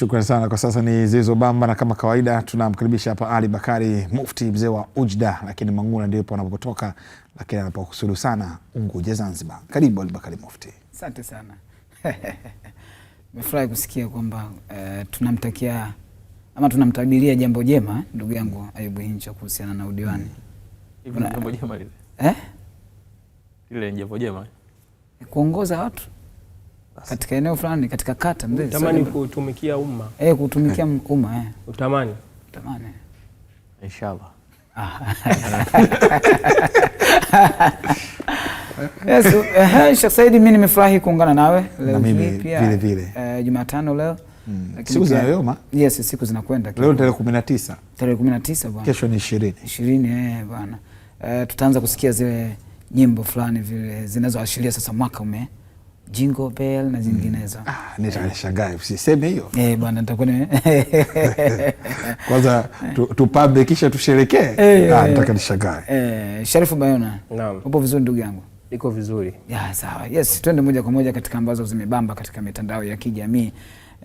Shukrani sana. Kwa sasa ni Zilizobamba, na kama kawaida tunamkaribisha hapa Ali Bakari Mufti, mzee wa Ujda, lakini Mang'ula ndipo anapotoka, lakini anapokusudu sana Unguja, Zanzibar. Karibu Ali Bakari Mufti. Asante sana nimefurahi kusikia kwamba uh, tunamtakia ama tunamtabiria jambo jema ndugu yangu Ayubu Hincha kuhusiana na udiwani. Jambo jema lile, eh, lile jambo jema kuongoza watu katika eneo fulani, katika kata mzee. Tamani kutumikia umma eh, kutumikia umma eh, utamani utamani, inshallah ah. Yes, uh, Sheikh Saidi mimi nimefurahi kuungana nawe leo pia, vile vile. Uh, Jumatano leo mm. Siku zinayoyoma. Yes, siku zinakwenda. Leo tarehe 19. Tarehe 19 bwana. Kesho ni 20. 20 eh bwana. Uh, tutaanza kusikia zile nyimbo fulani vile zinazoashiria sasa mwaka ume Jingle Bell na mm. zinginezo. Mm. usiseme hiyo. Eh, bwana nitakuwa Kwanza tupambe kisha tusherekee. Eh, eh ah, eh. nishangae. Eh, Sharifu Bayona. Naam. Upo vizuri ndugu yangu? Iko vizuri. Ya, sawa. Yes, twende moja kwa moja katika ambazo zimebamba katika mitandao ya kijamii.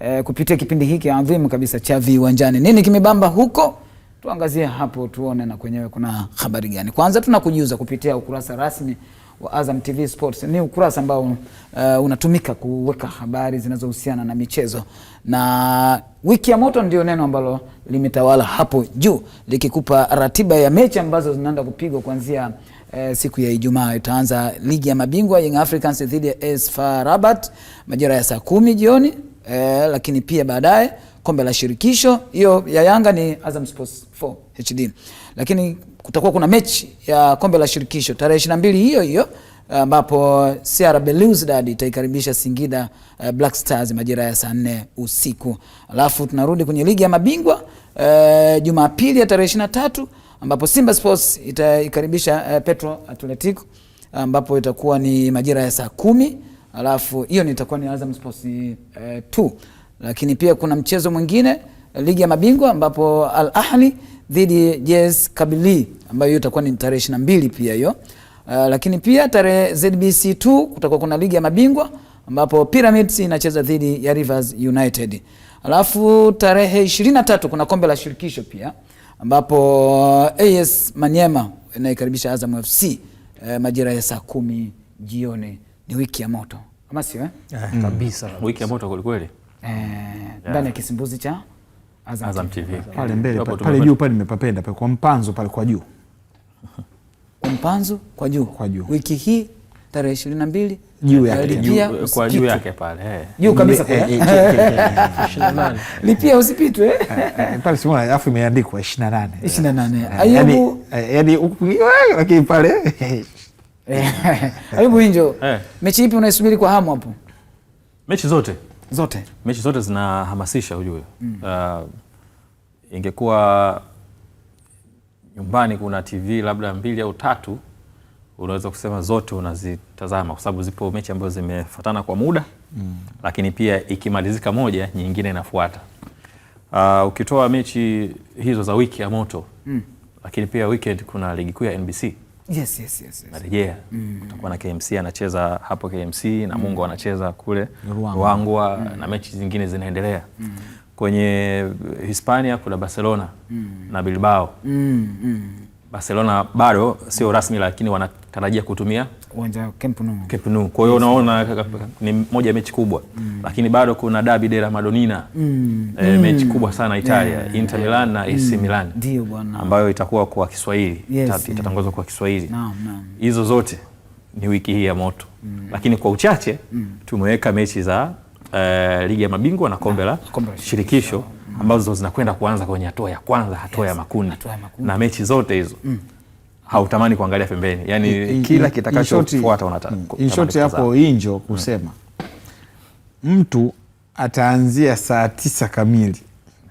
Eh, kupitia kipindi hiki adhimu kabisa cha Viwanjani. Nini kimebamba huko? Tuangazie hapo tuone na kwenyewe kuna habari gani. Kwanza tunakujuza kupitia ukurasa rasmi wa Azam TV Sports ni ukurasa ambao uh, unatumika kuweka habari zinazohusiana na michezo, na wiki ya moto ndio neno ambalo limetawala hapo juu likikupa ratiba ya mechi ambazo zinaenda kupigwa kuanzia Eh, siku ya Ijumaa itaanza ligi ya mabingwa Young Africans dhidi ya AS Rabat majira ya saa kumi jioni eh, lakini pia baadaye kombe la shirikisho hiyo ya Yanga ni Azam Sports 4 HD. Lakini kutakuwa kuna mechi ya kombe la shirikisho tarehe ishirini na mbili hiyo hiyo ambapo uh, CR Belouizdad itaikaribisha Singida uh, Black Stars majira ya saa nne usiku. Alafu tunarudi kwenye ligi ya mabingwa uh, Jumapili ya tarehe ishirini na tatu ambapo Simba Sports itaikaribisha uh, Petro Atletico ambapo itakuwa ni majira ya saa kumi. Alafu hiyo itakuwa ni Azam Sports uh, uh, lakini pia kuna mchezo mwingine ligi ya mabingwa ambapo Al Ahli dhidi ya JS Kabylie ambayo hiyo itakuwa ni tarehe ishirini na mbili pia hiyo. Uh, lakini pia tarehe ZBC 2 kutakuwa kuna ligi ya mabingwa ambapo Pyramids inacheza dhidi ya Rivers United. Alafu tarehe 23 kuna kombe la shirikisho pia ambapo uh, AS Maniema inaikaribisha Azam FC eh, uh, majira ya saa kumi jioni. Ni wiki ya moto, Kama sio eh? eh kabisa, mm. wiki ya moto kweli kweli, eh, ndani ya kisimbuzi cha Azam, Azam TV. Pale mbele pale juu pale nimepapenda pale kwa mpanzo pale kwa juu. Kwa mpanzo kwa juu. Kwa juu. Wiki hii tarehe 22 juu eh, yake juu eh, kwa juu yake pale. Eh. Juu kabisa pale. Lipia usipitwe eh, eh. Pale simona alafu imeandikwa 28. 28. Yaani yani lakini pale Ayubu Injo, mechi ipi unaisubiri kwa hamu hapo? Mechi zote zote mechi zote zinahamasisha ujue. mm. Uh, ingekuwa nyumbani kuna TV labda mbili au tatu, unaweza kusema zote unazitazama kwa sababu zipo mechi ambazo zimefatana kwa muda mm. lakini pia ikimalizika moja nyingine inafuata. Uh, ukitoa mechi hizo za wiki ya moto mm. lakini pia weekend kuna ligi kuu ya NBC yes, yes, yes, marejea mm. Kutakuwa na KMC anacheza hapo KMC na Mungo mm. anacheza kule Ruangwa mm. na mechi zingine zinaendelea mm. Kwenye Hispania kuna Barcelona mm. na Bilbao mm. Mm. Barcelona bado sio rasmi, lakini wanatarajia kutumia uwanja Camp Nou. Camp Nou. Kwa hiyo unaona ni moja ya mechi kubwa mm. lakini bado kuna Derby della Madonnina mm. e, mechi mm. kubwa sana Italia yeah. Inter Milan na AC mm. Milan ndio bwana, ambayo itakuwa kwa Kiswahili yes, mm. itatangazwa kwa Kiswahili hizo no, no. zote ni wiki hii ya moto mm. lakini kwa uchache mm. tumeweka mechi za uh, ligi ya mabingwa na kombe la shirikisho ambazo zinakwenda kuanza kwenye hatua ya kwanza, hatua yes, ya makundi na mechi zote hizo mm. hautamani kuangalia pembeni, yani in, kila kitakachofuata unataka. Mm. In short hapo Injo mm. kusema mm. mtu ataanzia saa tisa kamili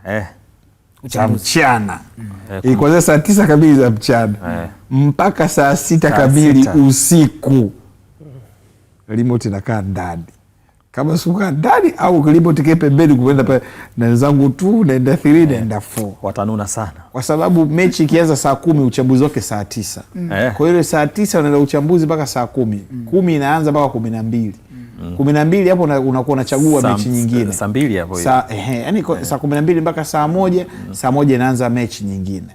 eh cha mchana mm. Eh, eh, kuanzia saa tisa kamili za mchana eh. mpaka saa sita kamili usiku, remote inakaa ndani kama sukari ndani au tikee pembeni kuenda pa na tu naenda thiri yeah. naenda f watanuna sana kwa sababu mechi ikianza saa kumi uchambuzi wake saa tisa mm. kwa eh. hiyo saa tisa unaenda uchambuzi mpaka saa kumi mm. kumi inaanza mpaka kumi na mbili mm. kumi na mbili hapo unakuwa unachagua mechi nyingine saa mbili hapo saa, eh, yani yeah. saa kumi na mbili mpaka saa moja mm. saa moja inaanza mechi nyingine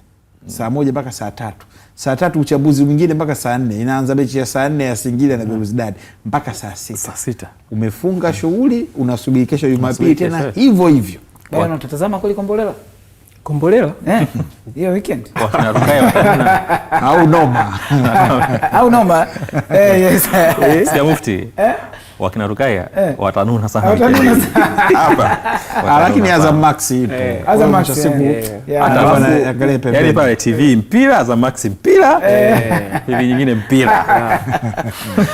mm. saa moja mpaka saa tatu saa tatu uchaguzi mwingine mpaka saa nne inaanza mechi ya saa nne ya Singida na Belouizdad mm. mpaka saa sita. Saa sita umefunga mm. shughuli, unasubiri kesho Jumapili tena hivyo hivyo. Bwana, utatazama kweli Kombolela? Kombolela eh, hiyo weekend au noma au noma eh, yes ya eh, mufti eh? wakina Rukaya watanuna sana weekend hapa, lakini Azam Max ipo, Azam Max siku hata wanaangalia pembeni, yani pale TV mpira, Azam Max mpira, hivi nyingine mpira,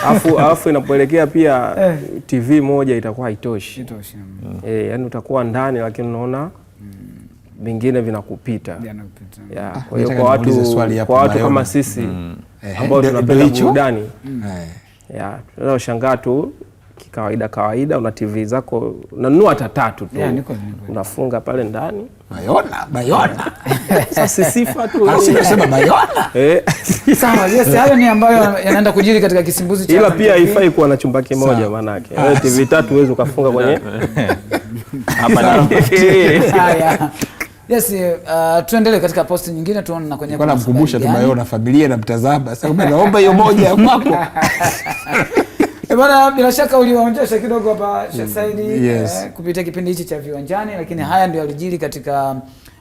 afu afu inapoelekea pia TV moja itakuwa haitoshi, eh, yani utakuwa ndani lakini unaona mm vingine vinakupita yeah. Kwa ah, kwa watu, kwa watu kama sisi mm. ambao eh, tunapenda burudani mm. eh. tunaoshangaa tu kikawaida kawaida, una TV zako unanunua hata tatu tu yeah, unafunga pale ndani Bayona, Bayona. Sasa sifa tu. Ah, bayona. Eh. Sawa, yes, hayo ni ambayo yanaenda kujiri katika kisimbuzi cha. Ila pia haifai kuwa na chumba kimoja maana yake. Wewe ah, eh, TV tatu uwezi ukafunga kwenye. Hapa na. Haya. Yes, eh, uh, tuendelee katika posti nyingine tuone na kwenye. Namkumbusha tu Bayo na familia na mtazama. Sasa naomba hiyo moja kwako. Eh, bila shaka uliwaonjesha kidogo hapa Sheikh mm, Said mm, yes. Uh, kupitia kipindi hichi cha viwanjani lakini mm. haya ndio yalijiri katika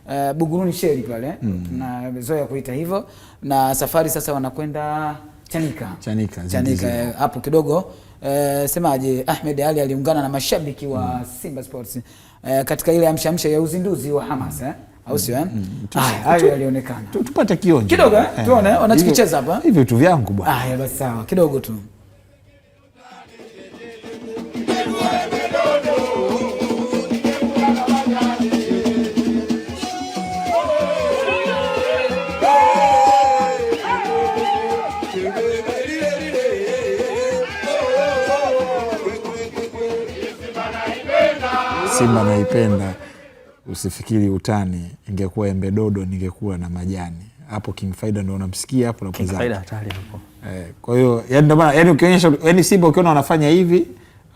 uh, Buguruni Sheri pale mm. na zoea kuita hivyo na safari sasa wanakwenda Chanika. Chanika. Chanika hapo kidogo semaji eh, semaje, Ahmed Ali aliungana na mashabiki wa mm. Simba Sports eh, katika ile amshamsha ya uzinduzi wa Hamas eh? au sio eh? mm. mm. hayo yalionekana. Tupate kionjo kidogo eh? Eh. tuone wanachokicheza hapa. Hivi vitu vyangu bwana. Haya basi sawa kidogo tu. Simba naipenda, usifikiri utani, ingekuwa embe dodo ningekuwa na majani hapo. King Faida ndo unamsikia hapo napozaa. Eh, kwa hiyo yani maana yani ukionyesha yani Simba ukiona wanafanya hivi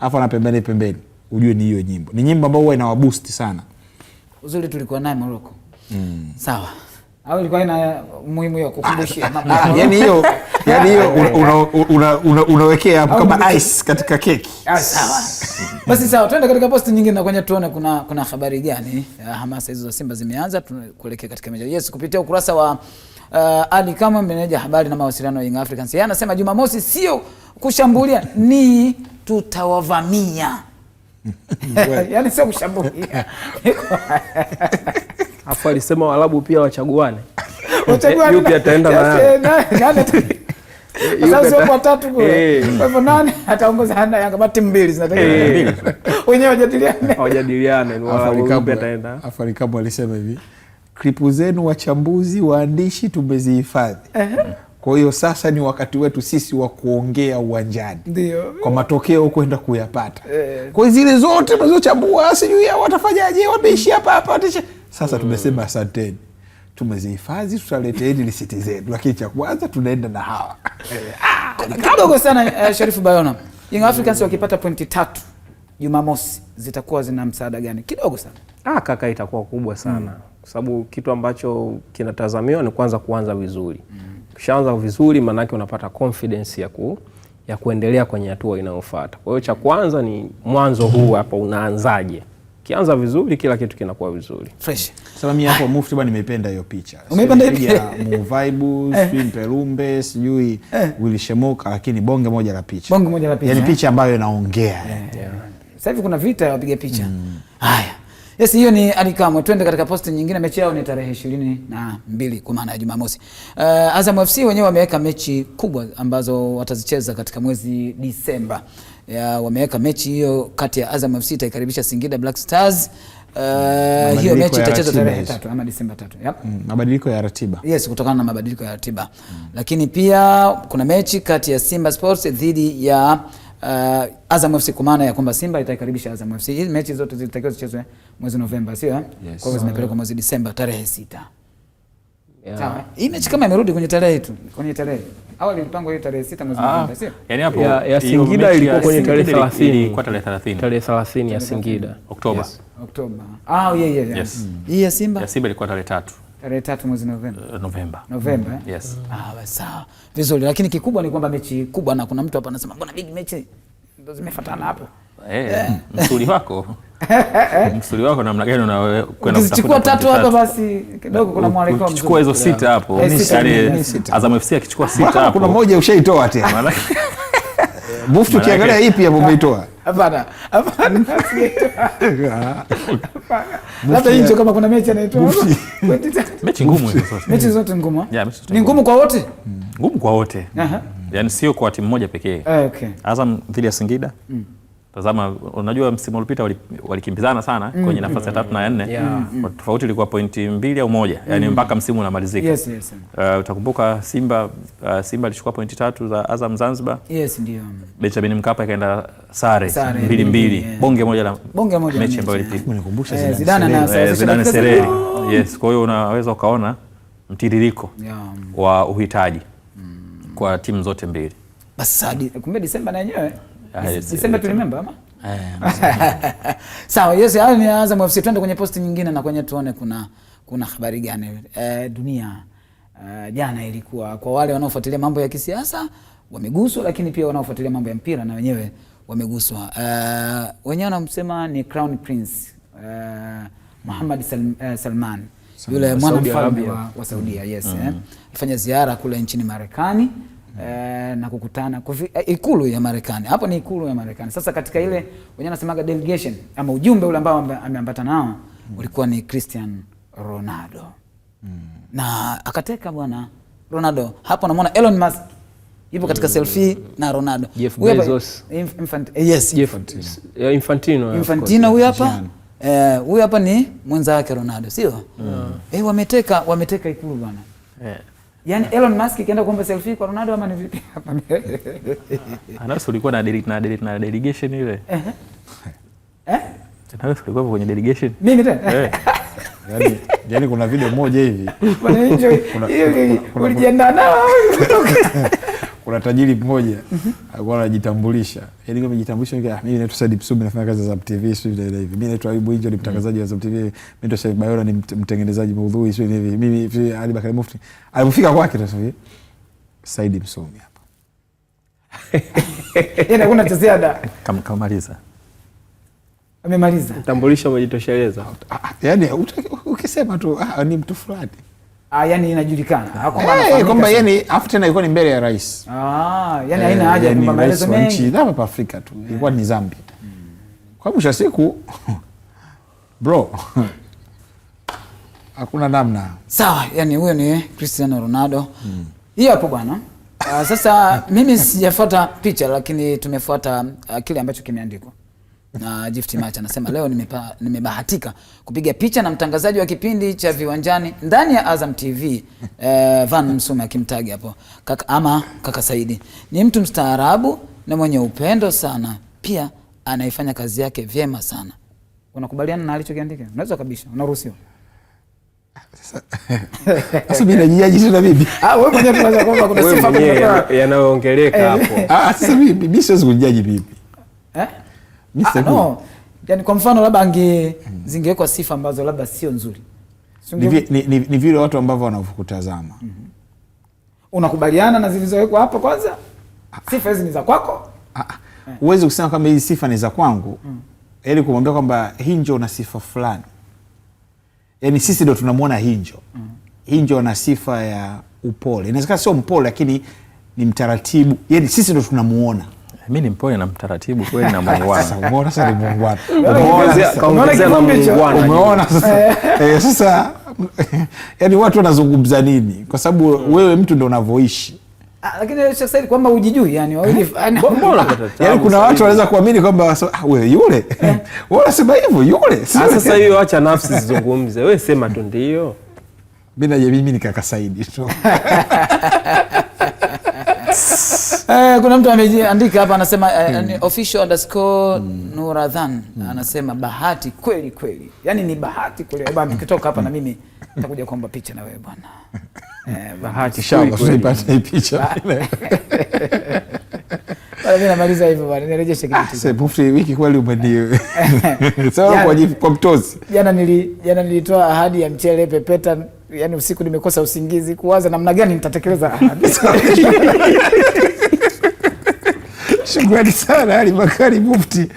afu na pembeni pembeni, ujue ni hiyo nyimbo, ni nyimbo ambayo huwa inawabusti sana. Uzuri tulikuwa naye Moroko Mm. Sawa au ilikuwa ina muhimu ya kukumbushia ah, yani hiyo yani hiyo unawekea kama ice katika keki. Sawa basi, sawa, twende katika posti nyingine na kwenye tuone kuna kuna habari gani ah, hamasa hizo za Simba zimeanza kuelekea katika mechi. Yes, kupitia ukurasa wa Uh, Ali kama meneja habari na mawasiliano ya Young Africans, yeye anasema Jumamosi sio kushambulia, ni tutawavamia. Yani sio kushambulia Afu alisema walabu pia wachaguane, yupi ataenda na watatu kule. Eh. Kwa hivyo nani ataongoza? Hana Yanga bati mbili zinatakiwa eh. wenyewe wajadiliane, wajadiliane afarikabu ataenda. alisema hivi, klipu zenu wachambuzi, waandishi tumezihifadhi kwa hiyo sasa ni wakati wetu sisi wa kuongea uwanjani, kwa matokeo kwenda kuyapata. Eh. Kwa hiyo zile zote mnazochambua, sijui hao watafanyaje, wameishia hapa hapa sasa mm. tumesema asanteni, tumezihifadhi, tutaleteni risiti zenu, lakini cha kwanza tunaenda na hawa eh, ah, ah, kidogo sana. Eh, Sharifu Bayona, Young mm. Africans wakipata pointi tatu Jumamosi zitakuwa zina msaada gani? Kidogo sana ah, kaka, itakuwa kubwa sana mm. kwa sababu kitu ambacho kinatazamiwa ni kwanza kuanza vizuri mm. vizuri, maanake unapata confidence ya, ku, ya kuendelea kwenye hatua inayofuata. Kwa hiyo cha mm. kwanza ni mwanzo huu hapa unaanzaje? Kianza vizuri, kila kitu kinakuwa vizuri. Fresh. Salamu yako ah. Mufti bwana, nimependa hiyo picha. Umeipenda hiyo picha ya Muvaibu, eh. sijui Mpelumbe, eh. sijui Willy Shemoka, lakini bonge moja la picha. Bonge moja la picha. Yaani eh. picha ambayo inaongea. Yeah. Yeah. Sasa hivi kuna vita ya wapiga picha. Mm. Haya. Mm. Yes, hiyo ni Alikamwe. Twende katika posti nyingine. Mechi yao ni tarehe ishirini na mbili kwa maana ya Jumamosi. Uh, Azam FC wenyewe wameweka mechi kubwa ambazo watazicheza katika mwezi Disemba. Ya, wameweka mechi hiyo kati ya Azam FC itaikaribisha Singida Black Stars. Uh, hiyo mechi itachezwa tarehe tatu ama Disemba tatu. Yep. Mm, mabadiliko ya ratiba. Yes, kutokana na mabadiliko ya ratiba. Mm. Lakini pia kuna mechi kati ya Simba Sports dhidi ya uh, Azam FC kwa maana ya kwamba Simba itaikaribisha Azam FC. Hizi mechi zote zilitakiwa zichezwe mwezi Novemba, sio? Eh? Yes. Kwa hivyo zimepelekwa mwezi Disemba tarehe sita. Yeah. Hii mechi kama imerudi kwenye tarehe tu, kwenye tarehe. Awali ilipangwa hiyo tarehe sita mwezi ah, Novemba, sio? Yaani hapo ya, ya Singida ilikuwa kwenye tarehe 30, kwa tarehe 30. Tarehe 30 ya Singida. Oktoba. Yes. Oktoba. Ah, yeah, yeah, yeah. Yes. Hii ya Simba? Ya Simba ilikuwa tarehe 3 tarehe tatu mwezi Novemba. Uh, Novemba. Novemba. Mm. Yes. Mm. Ah, basi ah, Vizuri, lakini kikubwa ni kwamba mechi kubwa na kuna mtu hapa anasema mbona big mechi ndio zimefuatana hapo. Eh, yeah. Msuli wako. Eh, eh. Msuli wako namna gani unakwenda kutafuta? Ukichukua tatu hapo basi kidogo kuna mwaliko mzuri. Chukua hizo sita hapo. Yaani Azam FC akichukua sita hapo. Kuna moja ushaitoa tena. Eh, Bufti ukiangalia ipi hapo umeitoa? Hapana, hapana. Labda hicho kama kuna mechi anaitoa. Mechi ngumu hizo sasa. Mechi zote ngumu. Ni ngumu kwa wote? Ngumu kwa wote. Yaani sio kwa timu moja pekee. Ah, okay. Azam dhidi ya Singida. Mm. Tazama, unajua msimu uliopita walikimbizana sana mm. kwenye nafasi ya tatu na ya nne yeah. mm. tofauti ilikuwa pointi mbili au moja mm. yani mpaka msimu unamalizika. yes, yes. Uh, utakumbuka Simba uh, Simba alichukua pointi tatu za Azam Zanzibar. yes, ndio. Benjamin Mkapa ikaenda sare mbili mbili yeah. bonge moja la bonge moja mechi ambayo ilipigwa eh, Zidane na Zidane Sereri. Oh. Yes, kwa hiyo unaweza ukaona mtiririko yeah. wa uhitaji mm. kwa timu zote mbili. Basi kumbe Desemba na yenyewe December ah, tulimemba ama? Ah, Sawa, yes, hayo ni Azam FC. Twende kwenye posti nyingine na kwenye tuone kuna kuna habari gani eh, dunia eh, jana ilikuwa kwa wale wanaofuatilia mambo ya kisiasa wameguswa, lakini pia wanaofuatilia mambo ya mpira na wenyewe wameguswa. Eh, wenyewe wanamsema ni Crown Prince eh, Muhammad Sal eh, Salman yule mwana mfalme wa, wa Saudia, yes, mm. -hmm. eh, fanya ziara kule nchini Marekani e, na kukutana kufi, e, eh, ikulu ya Marekani. Hapo ni ikulu ya Marekani. Sasa katika ile wenyewe anasemaga delegation ama ujumbe ule ambao ameambata nao ulikuwa ni Cristiano Ronaldo mm. na akateka bwana Ronaldo hapo, anamwona Elon Musk yupo katika selfie na Ronaldo. Jeff Bezos. Infant, yes, Infantino. Infantino, Infantino huyu hapa eh, huyu hapa ni mwenza wake Ronaldo, sio? mm. Eh, wameteka wameteka ikulu bwana. Yeah. Yaani Elon Musk kaenda kuomba selfie kwa Ronaldo ama ni vipi hapa? Anaso ah, ulikuwa na delete na delete na delegation ile. Eh? Eh? Anaso ulikuwa kwenye delegation. Mimi tena. Eh. Yaani yaani kuna video moja hivi. Kuna Ulijiandaa nao kuna tajiri mmoja mm -hmm. alikuwa anajitambulisha, yaani kama ah, mimi naitwa Said Psumi nafanya kazi za Zap TV sio vile hivi, mimi naitwa Ayubu Injo ni mtangazaji wa Zap TV, mimi ndo Said Bayora ni mtengenezaji maudhui sio hivi, mimi Ali Bakari Mufti. Alipofika kwake sasa hivi Said Psumi hapa, yeye anakwenda cha ziada kama kamaliza amemaliza utambulisho, umejitosheleza, yani ukisema tu ah, ni mtu fulani Ah, yani inajulikana. Hey, ah, kwamba eh, yani afu tena ilikuwa ni mbele ya rais. Ah, yani haina eh, haja yani maelezo mengi. Nchi dama pa Afrika tu. Yeah. Ilikuwa ni Zambia. Mm. Kwa mwisho siku bro. Hakuna namna. Sawa, yani huyo ni Cristiano Ronaldo. Mm. Hiyo hapo bwana. Uh, sasa mimi sijafuata picha lakini tumefuata uh, kile ambacho kimeandikwa na Gift Macha anasema leo nimebahatika nime kupiga picha na mtangazaji wa kipindi cha Viwanjani ndani ya Azam TV eh, Van Msume akimtagi hapo kaka, ama kaka Saidi ni mtu mstaarabu na mwenye upendo sana, pia anaifanya kazi yake vyema sana. Unakubaliana na alichokiandika? Unaweza kabisa, unaruhusiwa sasa mimi najiaje tena bibi? Ah, wewe mwenyewe tunaanza kwamba kuna sifa yanayoongeleka eh. hapo. Ah, sasa mimi bibi siwezi kujaji bibi. Eh? ah, no. Yani kwa mfano labda ange zingewekwa sifa ambazo labda sio nzuri ni, ni, ni vile watu ambavyo wanavyokutazama mm -hmm. Unakubaliana na zilizowekwa hapo kwanza? Sifa hizi ni za kwako, ah, ah. huwezi kusema kwamba hizi sifa ni za kwangu mm. ili yaani kumwambia kwamba Hinjo una sifa fulani, yaani sisi ndo tunamwona Hinjo mm. Hinjo ana sifa ya upole, inawezekana sio mpole, lakini ni mtaratibu, yaani sisi ndo tunamuona Mi ni mpole na mtaratibu kweli na muungwana. Eh. Eh, sasa Yani watu wanazungumza nini? Kwa sababu wewe mtu ndo unavyoishi ah, lakini kwamba ujijui yani, yani kuna watu wanaweza kuamini kwamba ah, wewe yule eh. wanasema hivyo yule. Ah, sasa hiyo wacha nafsi zizungumze, we sema tu ndio. mi na mimi nikakasaidi Saidi tu Eh, kuna mtu ameandika hapa anasema eh, hmm. ni official underscore hmm. Nuradhan hmm. anasema bahati kweli kweli, yaani ni bahati kweli eh, bwana. Hmm. Nikitoka hapa na mimi nitakuja kuomba picha na wewe bwana. Eh, bahati kweli usipate hii picha bwana. mimi namaliza hivyo bwana, nirejeshe kitu. ah, Sasa mufti wiki kweli umeni sawa kwa jifu kwa mtozi. Jana nili jana nilitoa ahadi ya mchele pepeta, yani usiku nimekosa usingizi kuwaza namna gani nitatekeleza ahadi Shukrani sana Ali Bakari Mufti.